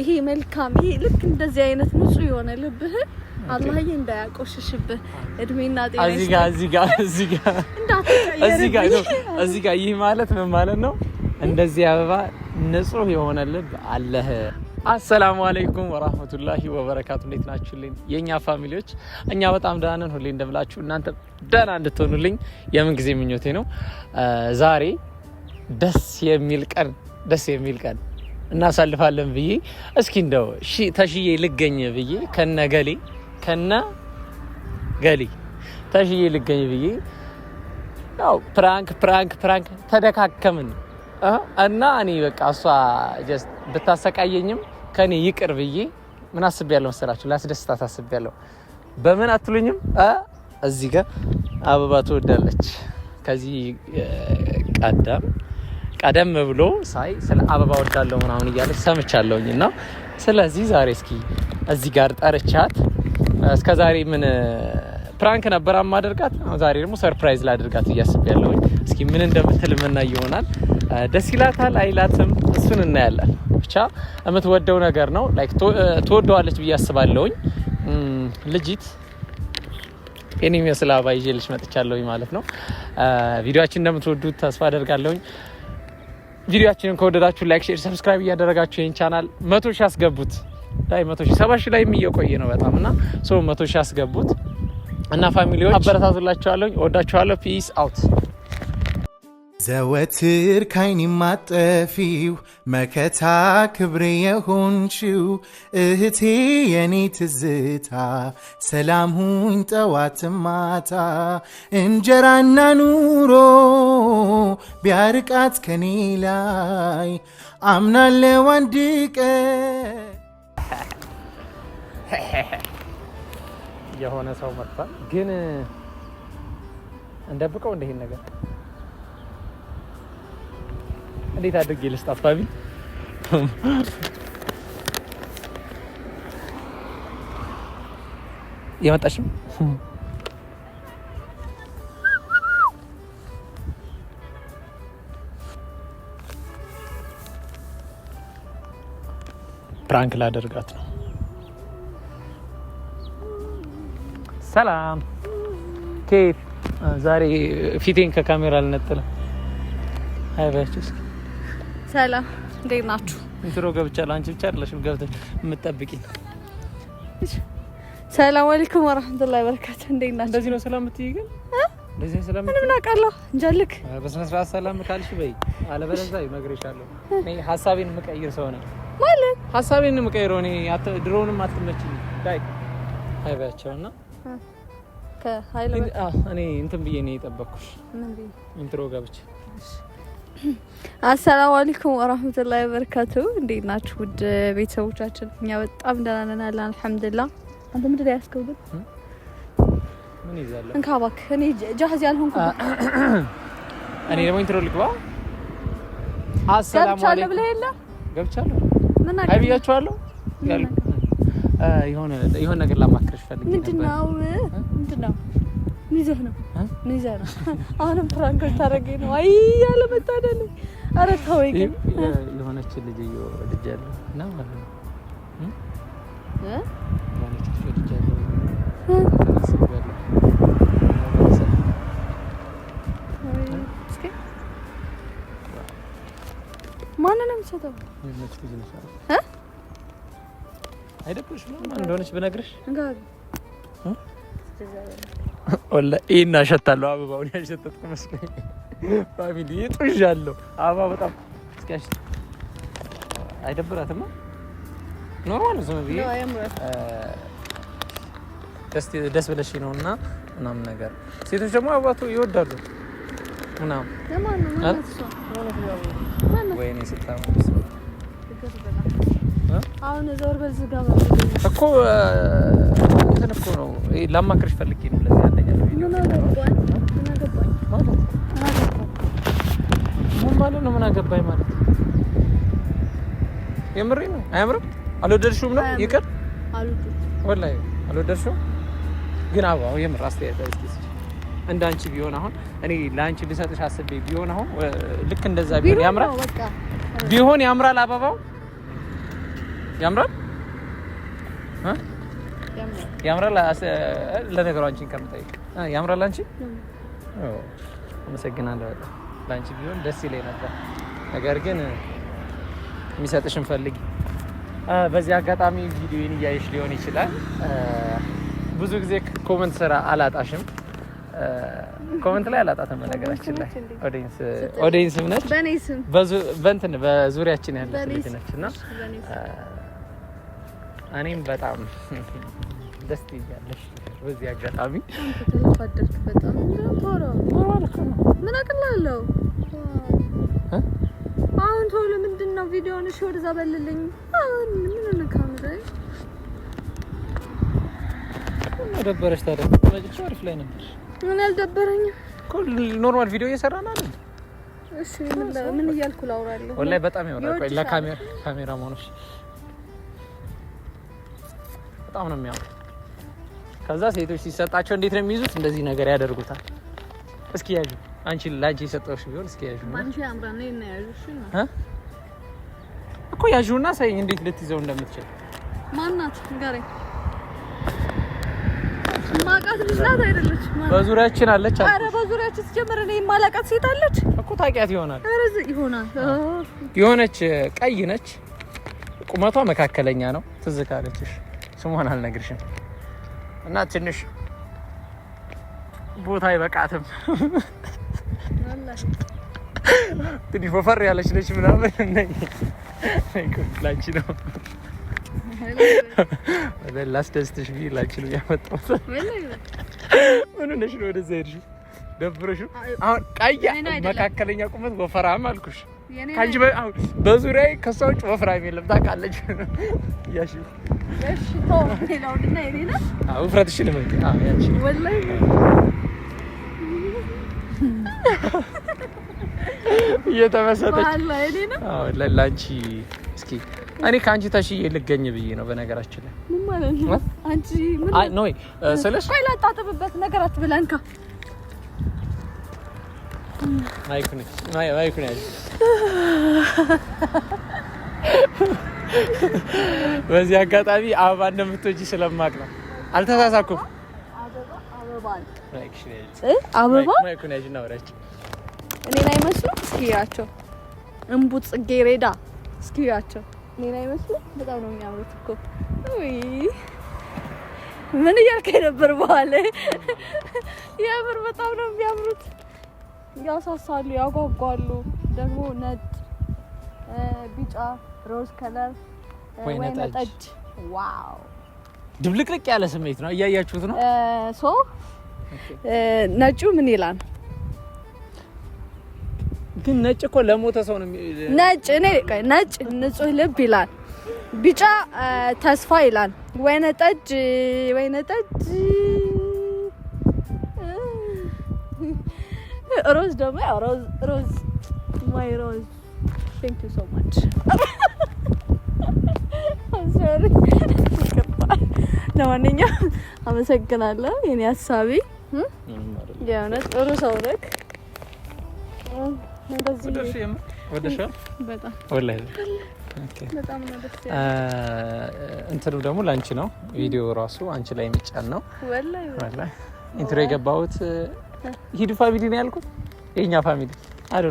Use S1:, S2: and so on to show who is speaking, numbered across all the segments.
S1: ይሄ መልካም ይሄ ልክ እንደዚህ አይነት ንጹህ የሆነ ልብህን አላህዬ እንዳያቆሽሽብህ እድሜና ጤና
S2: እዚህ ጋር እዚህ ጋር እዚህ ጋር እዚህ ጋር እዚህ ጋር ማለት ምን ማለት ነው? እንደዚህ አበባ ንጹህ የሆነ ልብ አለህ። አሰላሙ አለይኩም ወራህመቱላሂ ወበረካቱ። እንዴት ናችሁልኝ የእኛ ፋሚሊዎች? እኛ በጣም ደህና ነን። ሁሌ እንደምላችሁ እናንተ ደህና እንድትሆኑልኝ የምን ጊዜ ምኞቴ ነው። ዛሬ ደስ የሚል ቀን ደስ የሚል ቀን እናሳልፋለን ብዬ እስኪ እንደው ተሽዬ ልገኝ ብዬ ከነ ገሌ ከነ ገሌ ተሽዬ ልገኝ ብዬ ያው ፕራንክ ፕራንክ ፕራንክ ተደካከምን እና እኔ በቃ እሷ ጀስት ብታሰቃየኝም ከኔ ይቅር ብዬ ምን አስቤያለሁ መሰላችሁ? ላስደስታት አስቤያለሁ። በምን አትሉኝም? እዚህ ጋር አበባ ትወዳለች ከዚህ ቀደም ቀደም ብሎ ሳይ ስለ አበባ ወዳለው ምናምን እያለ ሰምቻለሁኝ እና ስለዚህ ዛሬ እስኪ እዚህ ጋር ጠርቻት እስከ ዛሬ ምን ፕራንክ ነበር ማደርጋት፣ ዛሬ ደግሞ ሰርፕራይዝ ላደርጋት እያስብ ያለውኝ እስኪ ምን እንደምትል ምና ይሆናል። ደስ ይላታል አይላትም፣ እሱን እናያለን። ብቻ የምትወደው ነገር ነው ላይክ ትወደዋለች ብዬ አስባለሁኝ። ልጅት ኔ ስለ አበባ ይዤ መጥቻለሁኝ ማለት ነው። ቪዲዮችን እንደምትወዱት ተስፋ አደርጋለሁኝ። ቪዲዮችንን ከወደዳችሁ ላይክ፣ ሼር፣ ሰብስክራይብ እያደረጋችሁ ይህን ቻናል መቶ ሺህ አስገቡት። ላይ መቶ ሺህ ሰባ ሺህ ላይ እየቆየ ነው በጣም እና ሰው መቶ ሺህ አስገቡት እና ፋሚሊዎች አበረታቱላችኋለሁ። ወዳችኋለሁ። ፒስ አውት ዘወትር ካይን ማጠፊው መከታ ክብሬ የሆንችው እህቴ የኔ ትዝታ ሰላም ሁኝ ጠዋት ማታ እንጀራና ኑሮ ቢያርቃት ከኔ ላይ አምናለው አንድ ቀን የሆነ ሰው መጥቷል። ግን እንደብቀው እንደሄን ነገር እንዴት አድርጌ ልስጥ አፋቢ የመጣችም ፕራንክ ላደርጋት ነው። ሰላም ኬት፣ ዛሬ ፊቴን ከካሜራ አልነጥልም። አይ በያቸው እስኪ
S1: ሰላም እንዴት ናችሁ?
S2: ኢንትሮ ገብቻለሁ። አንቺ ብቻ አይደለሽም ገብተሽ የምትጠብቂኝ።
S1: ሰላም አለይኩም ወራህመቱላሂ ወበረካቱ። እንዴት ናችሁ?
S2: እንደዚህ ነው ሰላም የምትይኝ ግን እንደዚህ ሰላም
S1: ምንም ናቃለሁ። እንጃልክ
S2: በስነ ስርዓት ሰላም ካልሽ በይ፣ አለበለዚያ ይመግሬሻለሁ። እኔ ሀሳቤን የምቀይር ሰው ነኝ ማለት ሀሳቤን የምቀይረው እኔ ድሮውንም አትመችኝ ዳይ አይባቸው እና ከሀይል እኔ እንትን ብዬ ነው የጠበቅኩሽ። ኢንትሮ ገብቼ
S1: አሰላሙ አለይኩም ወራህመቱላሂ ወበረካቱ። እንዴት ናችሁ ውድ ቤተሰቦቻችን? እኛ በጣም ደህና ነን አለን አልሐምዱሊላህ። አንተ ምንድን ነው ያዝከው ግን? ምን ይዛለሁ? እንካ እባክህ። እኔ ጃህዝ ያልሆንኩት
S2: እኔ ደግሞ ኢንትሮ ልግባ። አሰላሙ አለይኩም ብለህ የለ ገብቻለሁ። ምን አገኘህ? አይ ብያችኋለሁ ያልኩት የሆነ ነገር ላማክርሽ ፈልጌ
S1: ነበር። ምንድን ነው ምንድን ነው ይዘህ ነው ይዘህ ነው። አሁንም ፕራንኮች ታደርገኝ ነው። አይ ያለመታደል። ኧረ ተወኝ ግን
S2: የሆነች ልጅ ልጅ ያለው ማለት ነው
S1: ማንንም ሰጠው
S2: አይደብርሽም? እንደሆነች ብነግርሽ ይህን አሸታለሁ። አበባውን ያሸተትኩ መስሎኝ ፋሚሊ ይጡዣለሁ። አበባ በጣም እስኪያሽ አይደብራትማ። ኖርማል ዝም ብዬ ደስ ብለሽ ነው እና ምናምን ነገር። ሴቶች ደግሞ አባቱ ይወዳሉ ምናምን። ወይኔ ስታም
S1: አሁን ዞር በል
S2: እኮ እንትን እኮ ነው ላማክርሽ ፈልጌ ነው ምን ማለት ነው? ምን አገባኝ ማለት የምሬ ነው። አያምርም? አልወደድሽውም ነው? ይቅር ወላሂ አልወደድሽውም። ግን አበባው የምር አስተያየት እንደ አንቺ ቢሆን አሁን እኔ ለአንቺ ልሰጥሽ አስቤ ቢሆን አሁን ልክ እንደዛ ቢሆን ያምራል፣ ቢሆን ያምራል፣ አበባው ያምራል እ ያምራል። ለነገሩ አንቺን ከምጠይቅ ያምራል። አንቺ አመሰግናለሁ። ለአንቺ ቢሆን ደስ ይለኝ ነበር፣ ነገር ግን የሚሰጥሽን ፈልጊ። በዚህ አጋጣሚ ቪዲዮን እያየሽ ሊሆን ይችላል። ብዙ ጊዜ ኮመንት ስራ አላጣሽም። ኮመንት ላይ አላጣትም። በነገራችን ላይ ኦዲየንስ ነች፣ በእንትን በዙሪያችን
S1: ያለች ነች እና
S2: እኔም በጣም ደስ ይላል። በዚህ አጋጣሚ
S1: ተፋደድክ። በጣም ቶሎ ምን አቅላለሁ አሁን ቶሎ ምንድን ነው ቪዲዮውን? እሺ ወደዛ በልልኝ። አሁን ምን ነው ካምራይ
S2: ደበረሽ? ታዲያ ወጭ አሪፍ ላይ ነበር።
S1: ምን አልደበረኝም
S2: እኮ ኖርማል ቪዲዮ እየሰራን አይደል?
S1: እሺ ምን እያልኩ ላውራለሁ?
S2: ወላሂ በጣም ያወራል። ለካሜራ ካሜራ ማኖሽ በጣም ነው የሚያምሩ። ከዛ ሴቶች ሲሰጣቸው እንዴት ነው የሚይዙት? እንደዚህ ነገር ያደርጉታል። እስኪ ያዩ አንቺ ላጅ የሰጠውሽ ቢሆን እስኪ ያዩ እኮ ያዥውና ሳይኝ እንዴት ልትይዘው እንደምትችል
S1: ማናት ንገረኝ።
S2: በዙሪያችን አለች።
S1: አረ በዙሪያችን ስትጀምር እኔ የማላቃት ሴት አለች
S2: እኮ ታውቂያት ይሆናል። የሆነች ቀይ ነች፣ ቁመቷ መካከለኛ ነው። ትዝ ካለችሽ ስሟን አልነግርሽም እና ትንሽ ቦታ አይበቃትም። ትንሽ ወፈር ያለች ነች ምናምን ላንቺ ነው ላስደስትሽ ብዬ ላንቺ ነው ያመጣሁት። ምን ነሽ ነው ወደዛ ሄድሽው? ደብረሽው? አሁን ቀያ መካከለኛ ቁመት ወፈራም አልኩሽ። ከአንቺ በዙሪያ ከእሷ ውጭ ወፍራም የለም ታውቃለች። እያልሽ ውፍረትሽን እየተመሰጠች ለአንቺ እስኪ እኔ ከአንቺ ተሽዬ ልገኝ ብዬ ነው። በነገራችን ላይ ስለሽ
S1: ላጣጥብበት ነገር አትብለንካ
S2: አይኩን በዚህ አጋጣሚ አበባ እንደምትወጂ ስለማቅ ነው። አልተሳሳኩም።
S1: አበባ ላይ መስሉ እስኪ ያቸው እያቸው ጽጌ ሬዳ እስኪ ያቸው እኔ ላይ መስሉ በጣም ነው የሚያምሩት እኮ። ምን እያልከ ነበር? በኋላ የምር በጣም ነው የሚያምሩት። ያሳሳሉ፣ ያጓጓሉ። ደግሞ ነጭ ቢጫ ሮዝ ከለር ወይነ ጠጅ ዋው
S2: ድብልቅልቅ ያለ ስሜት ነው። እያያችሁት ነው።
S1: ሶ ነጩ ምን ይላል
S2: ግን? ነጭ እኮ ለሞተ ሰው ነው።
S1: ነጭ እኔ ነጭ ንጹህ ልብ ይላል። ቢጫ ተስፋ ይላል። ወይነ ጠጅ ወይነ ጠጅ። ሮዝ ደግሞ ሮዝ ሮዝ ማይ ሮዝ ቴንክ ዩ ሶ ማች ለማንኛውም አመሰግናለሁ። የኔ ሀሳቢ የእውነት ጥሩ ሰው ነክ
S2: እንትኑ ደግሞ ለአንቺ ነው። ቪዲዮ ራሱ አንቺ ላይ የሚጫን ነው። ኢንትሮ የገባሁት ሂዱ ፋሚሊ ነው ያልኩት የእኛ ፋሚሊ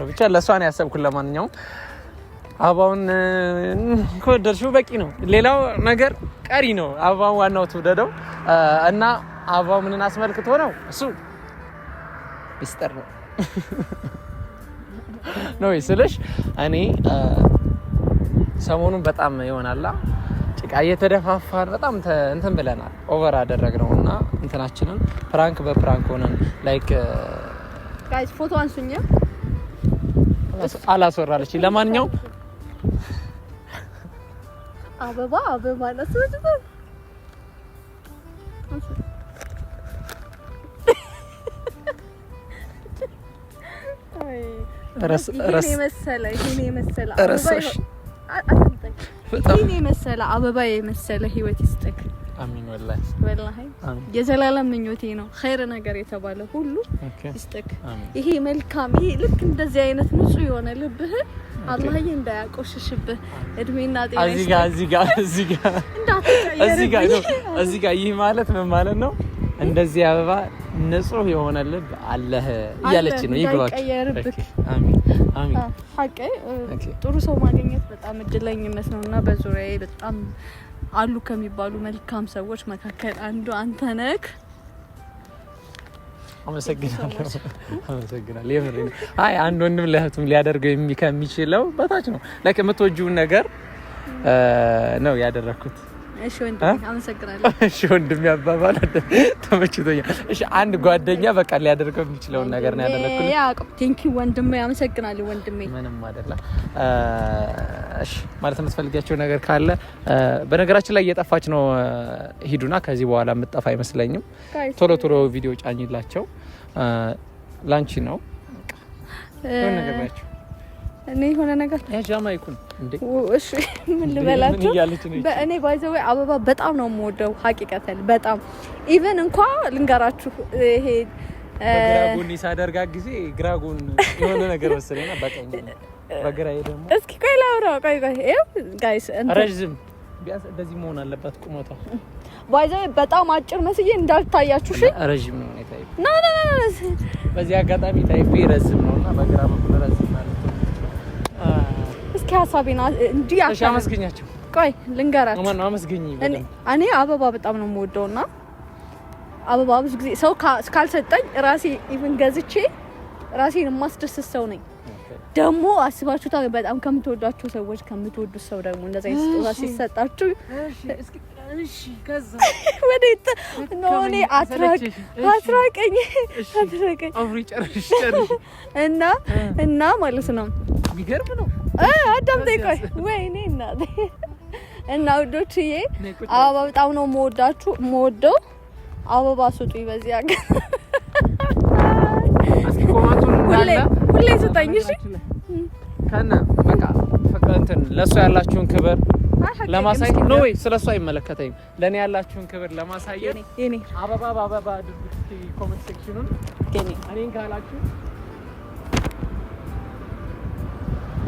S2: ነው ብቻ ያሰብኩት። ለማንኛውም አበባውን ከወደድሽው በቂ ነው። ሌላው ነገር ቀሪ ነው። አበባውን ዋናው ትውደደው እና አበባው ምንን አስመልክቶ ነው? እሱ ሚስጥር ነው ነው ስልሽ እኔ ሰሞኑን በጣም ይሆናላ ጭቃ እየተደፋፋን በጣም እንትን ብለናል። ኦቨር ነው እና እንትናችንን ፕራንክ በፕራንክ ሆነን ላይክ ፎቶ አንሱኛ አላስወራለች። ለማንኛውም
S1: አበባ አበባ የመሰለ አበባ የመሰለ ህይወት ይስጥክ። የዘላለም ምኞቴ ነው። ኸይር ነገር የተባለ ሁሉ ይሄ መልካም ይሄ ልክ እንደዚህ አይነት ንጹህ የሆነ ልብህ አላህዬ እንዳያቆሽሽብህ እድሜና ጤና
S2: እዚህ ጋር እዚህ ጋር እዚህ ጋር እዚህ ጋር እዚህ ጋር ይህ ማለት ምን ማለት ነው? እንደዚህ አበባ ንጹህ የሆነ ልብ አለህ እያለች ነው።
S1: ይግባችሁ።
S2: አሚን አሚን።
S1: ሀቅ ጥሩ ሰው ማግኘት በጣም እድለኝነት ነው እና በዙሪያዬ በጣም አሉ ከሚባሉ መልካም ሰዎች መካከል አንዱ አንተ ነህ።
S2: አመሰግናለሁ። አመሰግናለሁ። አይ አንድ ወንድም ለእህቱም ሊያደርገው ከሚችለው በታች ነው። ለክ የምትወጂውን ነገር ነው ያደረግኩት።
S1: እሺ
S2: ወንድም ያባባል ተመችቶኛል። እሺ አንድ ጓደኛ በቃ ሊያደርገው የሚችለውን ነገር ነው
S1: ያደረግኩት። ያዕቆብ ቴንኪው ወንድሜ፣ አመሰግናለሁ ወንድሜ።
S2: ምንም አይደለም። እሺ ማለት የምትፈልጋቸው ነገር ካለ በነገራችን ላይ እየጠፋች ነው ሂዱና፣ ከዚህ በኋላ የምትጠፋ አይመስለኝም። ቶሎ ቶሎ ቪዲዮ ጫኝላቸው። ላንቺ ነው ነገር ናቸው
S1: እኔ የሆነ ነገር እሺ፣ ምን ልበላችሁ፣ በእኔ ባይዘዌ አበባ በጣም ነው የምወደው። ሀቂቀተን በጣም ኢቨን እንኳ ልንገራችሁ ይሄ
S2: በግራጎን ሳደርጋ ጊዜ ግራጎን የሆነ ነገር መሰለኝ በቀኝ በግራዬ ደግሞ
S1: እስኪ ቆይ ላውራው። ቆይ ቆይ ጋይስ
S2: ረዥም ቢያንስ እንደዚህ መሆን አለባት ቁመቷ።
S1: ባይዘ በጣም አጭር መስዬ እንዳልታያችሁ እሺ።
S2: ረዥም ነው የታይፕ ና በዚህ አጋጣሚ ታይፕ ረዝም ነው በግራ በኩል ረዝም ማለት ነው
S1: ሀሳቤን እንጂ አመስግኛቸው። ቆይ
S2: ልንገራችሁ።
S1: እኔ አበባ በጣም ነው የምወደው እና አበባ ብዙ ጊዜ ሰው ካልሰጠኝ ራሴ ኢቭን ገዝቼ ራሴን የማስደስት ሰው ነኝ። ደግሞ አስባችሁታ በጣም ከምትወዷቸው ሰዎች ከምትወዱ ሰው ደግሞ እንደዛ ስጦታ ሲሰጣችሁ ወዴት ነው እኔ አትራቀኝ አትራቀኝ እና እና ማለት ነው የሚገርም ነው። አዳምጠኝ ቆይ። ወይኔ እናቴ እና ውዶችዬ አበባ በጣም ነው የምወዳችሁ የምወደው። አበባ ስጡኝ በዚህ ሀገር ሁሌ ስጠኝ። እሺ
S2: ከነ በቃ እንትን ለእሷ ያላችሁን ክብር ለማሳየት ነው ወይ ስለ እሷ አይመለከተኝም። ለእኔ ያላችሁን ክብር ለማሳየት አበባ በአበባ ኮመንት ሴክሽኑን እኔን ካላችሁ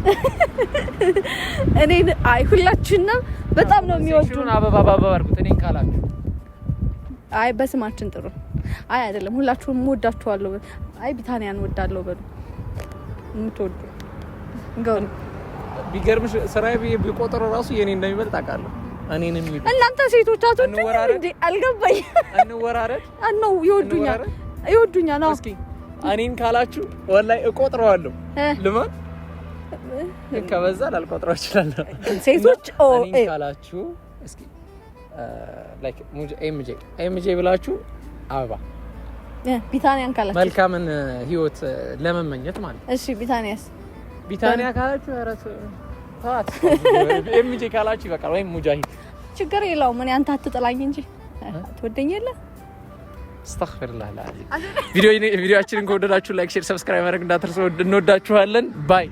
S1: እኔ አይ ሁላችሁና በጣም ነው የሚወዱ
S2: አበባ አበባ አድርጉት እኔን ካላችሁ
S1: አይ በስማችን ጥሩ አይ አይደለም፣ ሁላችሁም እወዳችኋለሁ። አይ ቢታንያን እወዳለሁ በሉ የምትወዱ እንገው
S2: ቢገርምሽ ስራዬ ቢቆጥር ራሱ የኔ እንደሚበልጥ አውቃለሁ። እኔንም ይሉ
S1: እናንተ ሴቶች አትወዱኝ እንዴ? አልገባኝም። እንወራረድ ነው ይወዱኛል፣ ይወዱኛል። እስኪ
S2: እኔን ካላችሁ ወላሂ እቆጥረዋለሁ ልማት ከበዛ ላልቆጥረው እችላለሁ። ሴቶች ካላችሁ እስኪ ኤምጄ ኤምጄ ብላችሁ አበባ
S1: ቢታኒያን ካላችሁ
S2: መልካምን ህይወት ለመመኘት ማለት
S1: እሺ። ቢታኒያስ
S2: ቢታኒያ ካላችሁ ረት ኤምጄ ካላችሁ ይበቃል። ወይም ሙጃሂድ
S1: ችግር የለውም። እኔ አንተ አትጥላኝ እንጂ ትወደኝ የለ
S2: አስተግፊሩላህ። ቪዲዮአችንን ከወደዳችሁ ላይክ፣ ሼር፣ ሰብስክራይብ ማድረግ እንዳትረሱ። እንወዳችኋለን። ባይ